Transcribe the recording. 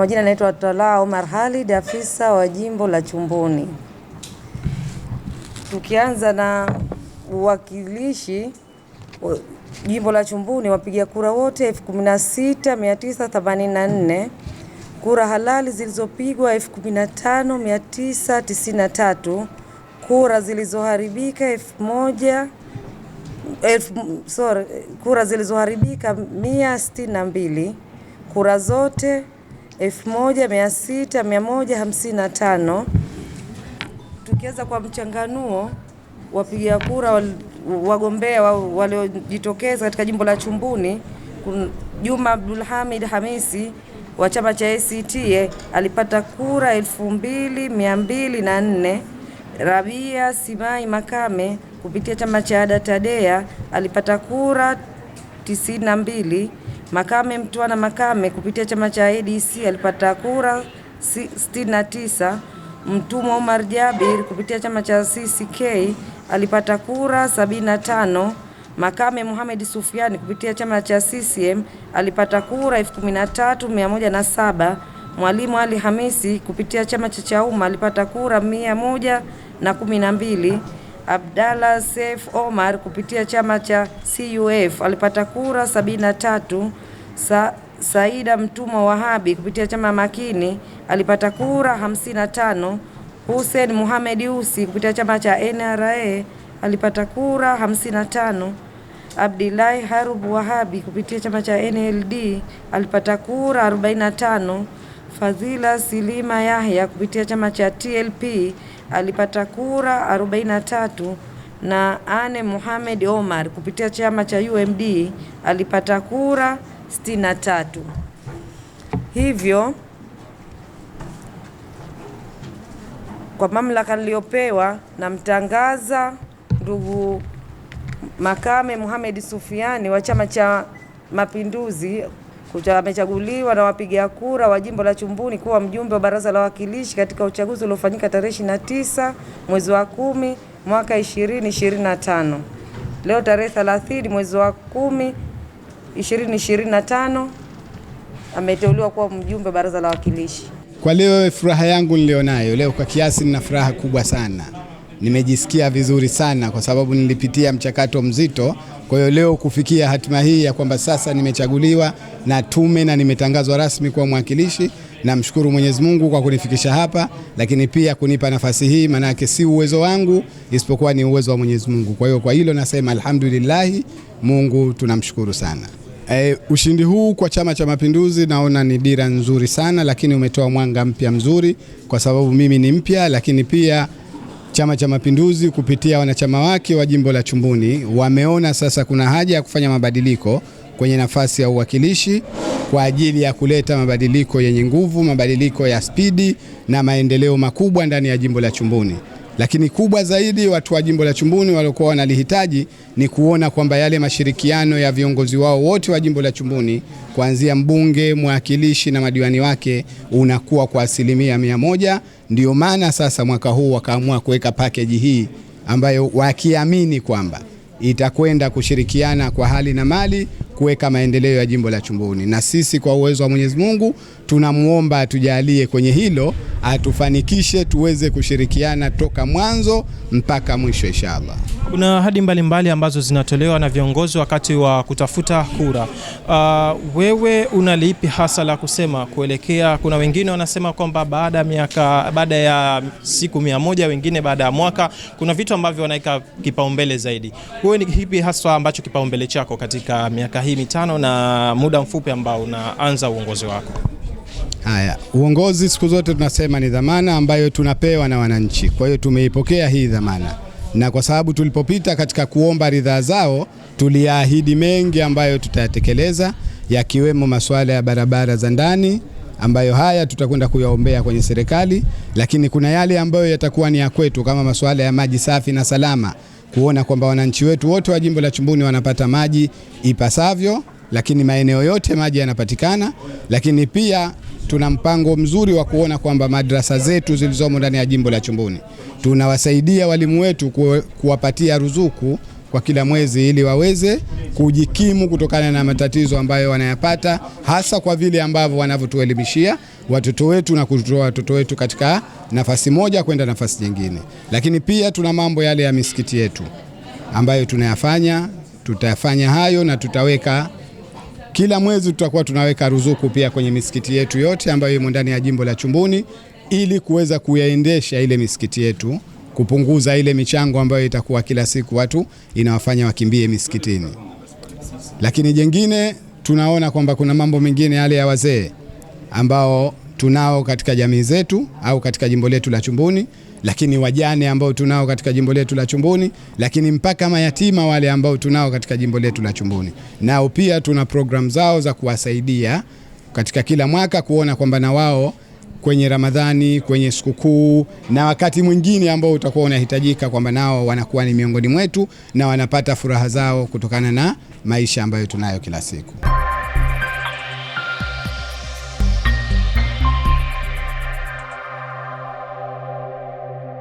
Kwa majina naitwa Talaa Omar halid afisa wa jimbo la Chumbuni. Tukianza na uwakilishi jimbo la Chumbuni, wapiga kura wote 16984, kura halali zilizopigwa 15993, kura zilizoharibika 1000 sorry, kura zilizoharibika 162, kura zote 1655 Tukianza kwa mchanganuo, wapiga kura wagombea waliojitokeza katika jimbo la Chumbuni, Juma Abdulhamid Hamisi wa chama cha ACT alipata kura 2204. Rabia Simai Makame kupitia chama cha ADA Tadea alipata kura 92. Makame Mtwana Makame kupitia chama cha ADC alipata kura 69. Mtumwa Omar Jabir kupitia chama cha CCK alipata kura 75. Makame Mohamed Sufiani kupitia chama cha CCM alipata kura 13107. Mwalimu Ali Hamisi kupitia chama cha Chauma alipata kura 112. Abdalla Saif Omar kupitia chama cha CUF alipata kura tatu. Sa, Saida Mtumwa Wahabi kupitia chama Makini alipata kura 55. Hussein muhamed Usi kupitia chama cha NRA alipata kura tano. Abdillahi Harub Wahabi kupitia chama cha NLD alipata kura 45. Fadhila Silima Yahya kupitia chama cha TLP alipata kura 43 na Ane Mohamed Omar kupitia chama cha UMD alipata kura 63. Hivyo kwa mamlaka niliyopewa, namtangaza ndugu Makame Mohamed Sufiani wa Chama cha Mapinduzi amechaguliwa na wapiga kura wa jimbo la Chumbuni kuwa mjumbe wa baraza la wawakilishi katika uchaguzi uliofanyika tarehe 29 mwezi wa kumi mwaka 2025. Leo tarehe 30 mwezi wa kumi 2025 ameteuliwa kuwa mjumbe wa baraza la wawakilishi. Kwa leo furaha yangu nilionayo leo, kwa kiasi nina furaha kubwa sana nimejisikia vizuri sana kwa sababu nilipitia mchakato mzito. Kwa hiyo leo kufikia hatima hii ya kwamba sasa nimechaguliwa na tume na nimetangazwa rasmi kuwa mwakilishi, namshukuru Mwenyezi Mungu kwa kunifikisha hapa, lakini pia kunipa nafasi hii, maanake si uwezo wangu isipokuwa ni uwezo wa Mwenyezi Mungu. Kwa hiyo kwa hilo nasema alhamdulillahi, Mungu tunamshukuru sana. E, ushindi huu kwa Chama cha Mapinduzi naona ni dira nzuri sana, lakini umetoa mwanga mpya mzuri, kwa sababu mimi ni mpya, lakini pia Chama cha Mapinduzi kupitia wanachama wake wa jimbo la Chumbuni wameona sasa kuna haja ya kufanya mabadiliko kwenye nafasi ya uwakilishi kwa ajili ya kuleta mabadiliko yenye nguvu, mabadiliko ya spidi na maendeleo makubwa ndani ya jimbo la Chumbuni. Lakini kubwa zaidi watu wa jimbo la Chumbuni waliokuwa wanalihitaji ni kuona kwamba yale mashirikiano ya viongozi wao wote wa jimbo la Chumbuni kuanzia mbunge, mwakilishi na madiwani wake unakuwa kwa asilimia mia moja. Ndio maana sasa mwaka huu wakaamua kuweka pakeji hii ambayo wakiamini kwamba itakwenda kushirikiana kwa hali na mali kuweka maendeleo ya jimbo la Chumbuni, na sisi kwa uwezo wa Mwenyezi Mungu tunamwomba atujalie kwenye hilo, atufanikishe tuweze kushirikiana toka mwanzo mpaka mwisho inshallah. Kuna ahadi mbalimbali ambazo zinatolewa na viongozi wakati wa kutafuta kura. Uh, wewe unalipi hasa la kusema kuelekea? Kuna wengine wanasema kwamba baada ya miaka baada ya siku mia moja, wengine baada ya mwaka. Kuna vitu ambavyo wanaweka kipaumbele zaidi. Wewe ni kipi hasa ambacho kipaumbele chako katika miaka hii? hii mitano na muda mfupi ambao unaanza uongozi wako? Haya, uongozi siku zote tunasema ni dhamana ambayo tunapewa na wananchi. Kwa hiyo tumeipokea hii dhamana, na kwa sababu tulipopita katika kuomba ridhaa zao tuliahidi mengi ambayo tutayatekeleza, yakiwemo masuala ya barabara za ndani ambayo haya tutakwenda kuyaombea kwenye serikali, lakini kuna yale ambayo yatakuwa ni ya kwetu kama masuala ya maji safi na salama kuona kwamba wananchi wetu wote wa jimbo la Chumbuni wanapata maji ipasavyo, lakini maeneo yote maji yanapatikana. Lakini pia tuna mpango mzuri wa kuona kwamba madrasa zetu zilizomo ndani ya jimbo la Chumbuni tunawasaidia walimu wetu kuwapatia ruzuku kwa kila mwezi ili waweze kujikimu kutokana na matatizo ambayo wanayapata, hasa kwa vile ambavyo wanavyotuelimishia watoto wetu na kutoa watoto wetu katika nafasi moja kwenda nafasi nyingine. Lakini pia tuna mambo yale ya misikiti yetu ambayo tunayafanya, tutayafanya hayo na tutaweka kila mwezi tutakuwa tunaweka ruzuku pia kwenye misikiti yetu yote ambayo imo ndani ya jimbo la Chumbuni ili kuweza kuyaendesha ile misikiti yetu kupunguza ile michango ambayo itakuwa kila siku watu inawafanya wakimbie misikitini. Lakini jengine tunaona kwamba kuna mambo mengine yale ya wazee ambao tunao katika jamii zetu au katika jimbo letu la Chumbuni, lakini wajane ambao tunao katika jimbo letu la Chumbuni, lakini mpaka mayatima wale ambao tunao katika jimbo letu la Chumbuni, nao pia tuna programu zao za kuwasaidia katika kila mwaka kuona kwamba na wao kwenye Ramadhani, kwenye sikukuu na wakati mwingine ambao utakuwa unahitajika kwamba nao wanakuwa ni miongoni mwetu na wanapata furaha zao kutokana na maisha ambayo tunayo kila siku.